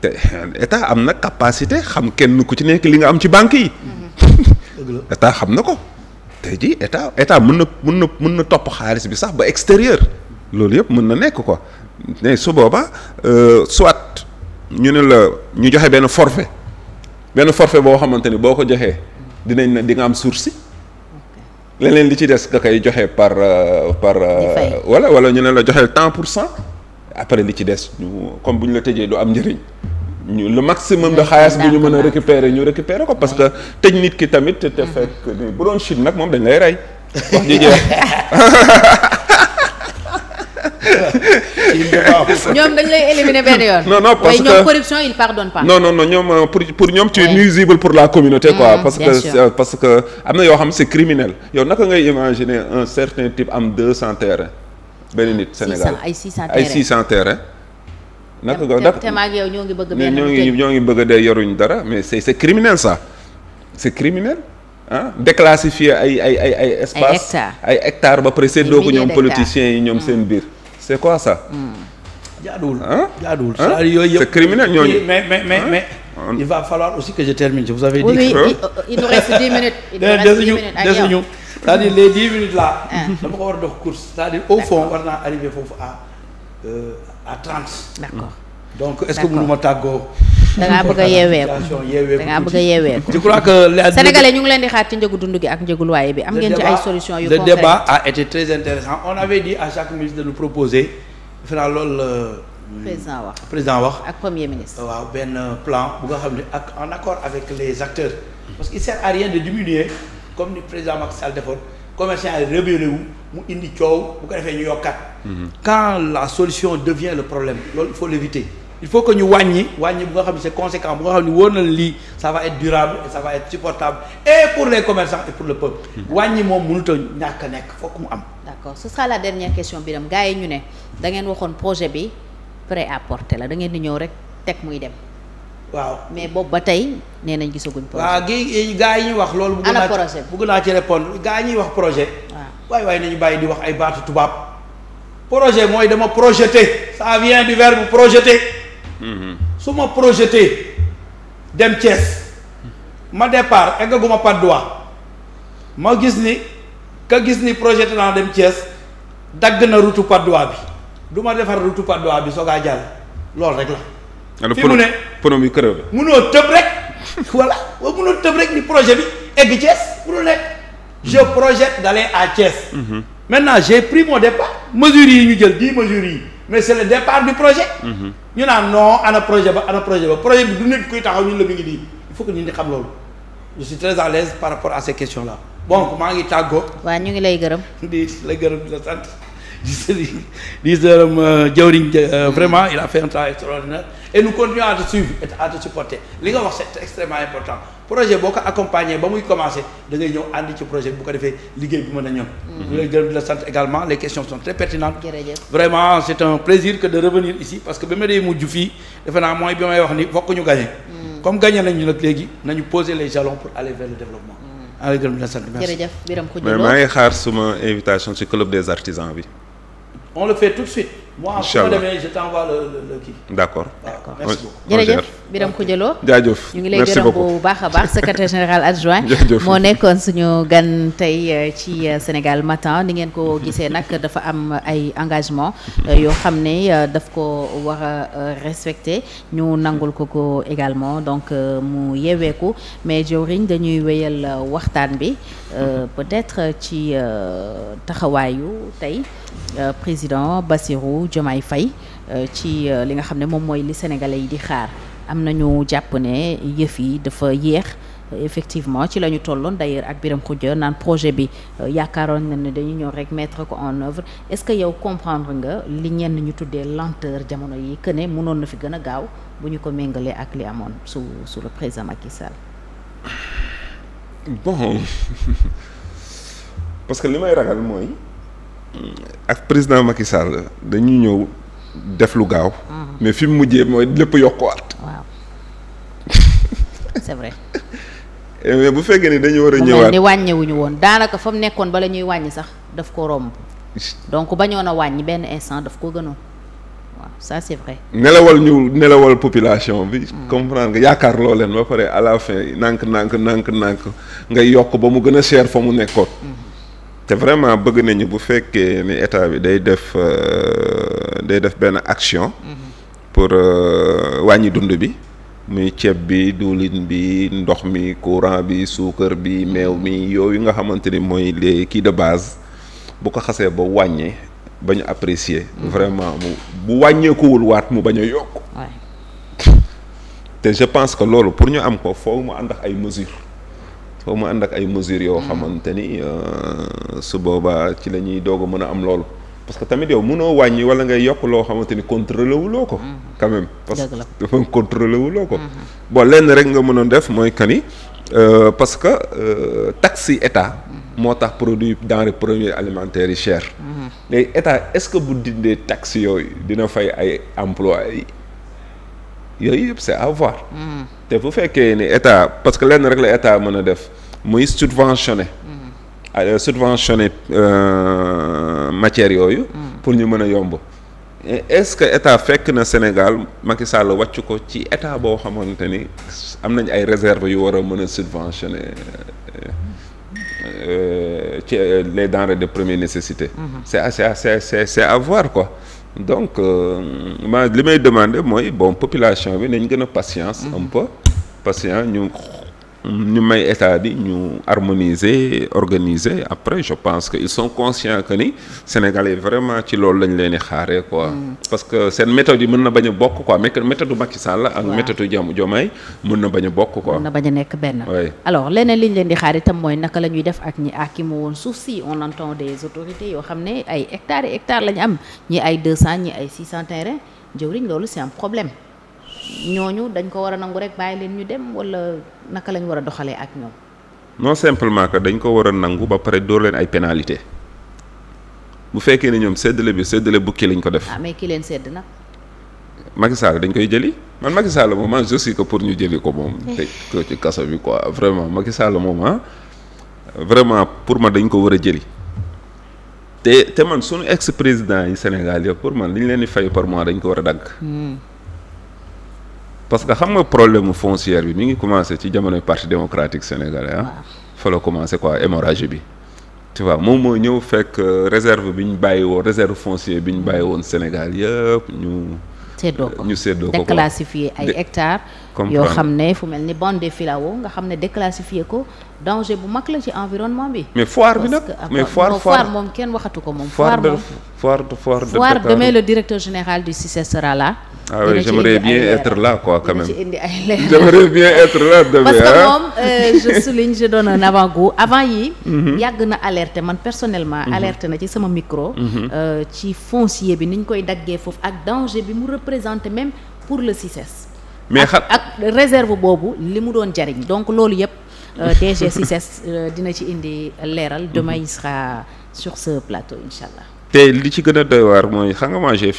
te état am na capacité xam kenn ku ci nekk li nga am ci banque yi. état xam na ko. tey jii état état mën na mën na mën na topp xaalis bi sax ba extérieur loolu yëpp mën na nekk ko mais su booba euh, soit ñu ne la ñu joxe benn forfait benn forfait boo xamante ni boo ko joxee dinañ na di nga am sursi leneen li ci des nga koy joxe par euh, par. wala euh, wala ñu ne la joxeel temps pour cent. après li ci des ñu comme bu ñu la tëjee du am njëriñ ñu le maximum de xaalis bu ñu mën a récupérer ñu récupérer ko parce que tëj nit ki tamit te mhm. fekk ni bu doon Chine nag moom dañ lay rey wax ji jeex ñoom dañ lay éliminer benn yoon. non non parce que ñoom corruption ils ñoom euh, pour ñoom tu es pour la communauté quoi. Mm, parce que euh, parce que am na yoo xam c'est criminel yow naka ngay imaginer un certain type am deux cent terrains benn nit Sénégal ay 600 ay 600 terrain naka nga te maag ñoo ngi bëgg benn ñoo ngi ñoo ngi bëgg a dee yoruñ dara mais c'est c'est criminel ça c'est criminel ah déclassifier ay ay ay ay espace ay hectares ba pare séddoo ko ñoom politiciens yi ñoom mm. seen biir c'est quoi ça mm. jaaduwul jaaduwul c'est-à-dire yooyu yëpp c'est criminel ñooñu mais mais mais mais il va falloir aussi que je termine je vous avais dit oui, il, il nous minutes il nous reste 10 minutes desuñu c'est-à-dire les dix minutes là. Ah. dama ko war a dox course c'est-à-dire au fond war naa arrivé foofu à euh, à trente. d'accord donc est-ce que mënu ma tàggoo. da ngaa bëgg a yeeweeku da ngaa yeeweeku. je ñu ngi leen di xaar ci njëgu dund gi ak njëgu loyer bi am ngeen ay solutions yu concrètes le débat a été très intéressant on avait dit à chaque ministre de nous proposer fana loolu. Euh, président wax ak premier ministre. Euh, waaw benn plan bu nga xam ne ak en accord avec les acteurs. parce qu'il sert à rien comme ni président Macky Sall defoon commerçants yi rebelle wu mu indi coow bu ko defee ñu yokkat mhm. quand la solution devient le problème loolu il faut l'éviter il faut que ñu wàññi wàññi bu nga xam ne c'est conséquent bu nga xam ne wóor na lii ça va être durable et ça va être supportable et pour les commerçants et pour le peuple. Mhm. wàññi moom mënut a ñàkk a nekk fokk mu am. d'accord ce sera la dernière question bi dem gars yi ñu ne dangeen waxoon projet bi prêt à porter la da ngeen di ñëw rek teg muy dem. waaw mais boobu ba tey nee nañ gisaguñ projet waaw gi gaa yi ñuy wax loolu bëgg naa projet bëgg naa ci répondre gaa yi ñuy wax projet waaw waaye waaye nañu bàyyi di wax ay baatu tubaab projet mooy dama projeté ça vient du verbe projeté mhm. su ma projeté dem Thiès ma départ eggaguma Patte d'Oie ma gis ni ka gis ni projeté naa dem Thiès dagg na route Patte d'Oie bi du ma defar route Patte d'Oie bi soogaa jàll loolu rek la fi mu ne pono yi crevé munoo tëb rek voilà waaw tëb rek ni projet bi egg Thiès munul nekk je mhm. projette d'aller à Thiès mmh. maintenant j'ai pris mon départ mesures yi ñu jël dix mesures yi mais c'est le départ du projet mhm. ñu naan non ana projet ba na projet ba projet bi du nit kuy taxaw ñun la mi ngi nii il faut que ñun di xam loolu je suis très à l'aise par rapport à ces questions là bon maa ngi tàggoo waaw ñu ngi lay gërëm di la gërëm di la sant di sëriñ euh, jawriñ euh, vraiment il a un travail et nous continuons à te et à supporter li nga wax c'est extrêmement important projet boo ko accompagner ba muy commencer da ngay ñëw ànd ci projet bu ko defee liggéey bi mën a ñoom mhm. ñu lay gërëm di la sant également les questions sont très pertinentes vraiment c'est un plaisir que de revenir ici parce que bi ma dee mujj fii defe naa mooy bi may wax ni fokk ñu gagner mhm. comme gagner nañu nag léegi nañu poser les mhm. invitation ci club des bi on le fait tout de suite moi su ma demee je t'envoie le ñu ngi lay bu baax a baax secrétaire général adjoint moo nekkoon suñu gan tey euh, ci euh, Sénégal matin ni ngeen ko gisee nag dafa am ay engagement euh, yoo xam ne daf ko war a respecter ñu nangul ko ko également donc mu yeweeku mais jawriñ dañuy wéyal waxtaan bi mm-hmm. peut-être ci taxawaayu tey président Bassirou Bassirou Diomaye Faye euh, ci euh, li nga xam ne moom mooy li sénégalais yi di xaar am na ñu jàpp ne yëf yi dafa yéex effectivement ci la ñu tolloon d'ailleurs ak Birame Khoudia naan projet bi euh, yaakaaroon na ne dañu ñëw rek mettre ko en œuvre est-ce que yow comprendre nga li ñenn ñu tuddee lenteur jamono yi que ne mënoon na fi gën a gaaw bu ñu ko méngalee ak li amoon su sous le président Macky parce que li may ragal mooy. ak président Macky Sall dañu ñëw def lu gaaw. mais fi mu mujjee mooy lépp yokkuwaat. waaw c'est vrai. Eh, mais bu fekkee ni dañu war a. ñëwaat ni woon daanaka fa mu nekkoon bala ñuy wàññi sax daf ko romb. donc bañoon a wàññi benn instant daf ko gënoon waaw ça c'est nelawal ñu nelawal population bi. Hmm. comprendre nga yaakaar loo leen ba pare à la fin nànk nànk nànk nànk ngay yokk ba mu gën a cher fa mu nekkoon. te vraiment bëgg nañu bu fekkee ni état bi day def euh, day def benn action. pour euh, wàññi dund bi. muy ceeb bi diwlin bi ndox mi courant bi suukar bi meew mi yooyu nga xamante ni mooy les kii de base bu ko xasee ba wàññee ba ñu apprécier. Mm-hmm. vraiment mu bu wàññeekuwul waat mu bañ a yokk. te je pense que loolu pour ñu am ko foofu mu ànd ak ay mesures. foo mu ànd ak ay mesures yoo mm. xamante ni euh, su boobaa ci la ñuy doog mën a am loolu parce que tamit yow mënoo wàññi wala ngay yokk loo xamante ni contrôlé wu ko mm. quand même parce que dafa contrôlé wu loo ko mm-hmm. boo lenn rek nga mënoon def mooy kani euh, parce que euh, taxe yi état mm-hmm. moo tax produit denrée premier alimentaire yi cher léegi mm-hmm. état est-ce que bu dindee taxe yooyu dina fay ay emploi yi yooyu yëpp c'est à voir. te bu fekkee ni état parce que lenn rek la état mën a def muy subventionné. Mm. Euh, subventionné euh, matières yooyu. Mm. pour ñu mën a yomb. est-ce que état fekk na Sénégal Macky Sall wàcc ko ci état boo xamoon xamante ni am nañ ay réserves yu war a mën a subventionné euh, ci les denrées de première nécessité. Mm-hmm. c'est à c'est à c'est à voir quoi. donc euh, ma li may demander mooy bon population bi nañ gën a patience un pa patient ñu ñu may état bi ñu harmoniser organiser après je pense que ils sont conscients que ni sénégalais vraiment ci loolu lañ leen di xaaree quoi. Mm. parce que seen méthode yi mën na bañ a bokk quoi mais méthode Macky Sall ak méthode jam Diomaye mën na bañ bokk quoi. mën na bañ nekk benn. alors leneen li ñu leen di xaar tam mooy naka la ñuy def ak ñi akimu woon suuf si on entend des autorités yoo xam ne ay hectares et hectares lañu ñu am ñi ay deux cent ñi ay six cent terrain jëwriñ loolu c'est un problème. ñooñu dañ ko war a nangu rek bàyyi leen ñu dem wala naka lañ war a doxalee ak ñoom. non simplement que dañ ko war a nangu ba pare dóor leen ay pénalité bu fekkee ne ñoom séddale bi séddale bukki lañ ko def. Ah, mais ki leen sédd nag. Macky Sall dañ koy jëli man Macky Sall moom ma je ko pour ñu jëli ko moom. Eh. tëj ko ci kaso bi ko vraiment Macky Sall moom ah vraiment pour ma dañ ko war a jëli. te te man sunu ex président yi Sénégal yëpp pour man li ñu leen di fay par mois dañ ko war a dagg. Hmm. parce que xam nga problème mu foncière bi mu ngi commencé ci jamonoy parti démocratique sénégalais ah. fa la commencé quoi hémorragie bi. tu vois moom moo ñëw fekk euh, réserve bi ñu bàyyi woon réserve foncière bi ñu bàyyi woon Sénégal yëpp ñu. séddoo ko ñu seddoo ko déclassifié ay hectares. yoo xam ne fu mel ni bande de nga xam ne déclassifié ko danger bu mag la ci environnement bi. mais foire bi nag mais ah, foire foire moom kenn waxatu ko moom. foire moom foire de foire de. foire demain le directeur général du CICES sera là. ah oui j'aimerais bien être là quoi quand même j'aimerais parce que eh? moom euh, je souligne je donne un avant avant yi mhm. yàgg na alerte man personnellement mhm. alerté na ci sama micro mhm. euh, ci foncier bi niñ koy daggee foofu ak danger bi mu représenté même pour le CICES e mais xam ak réserve boobu li mu doon jariñ donc loolu yëpp DG CICES dina ci indi leeral demain il sur ce plateau incha allah te li ci gën doy waar mooy xam nga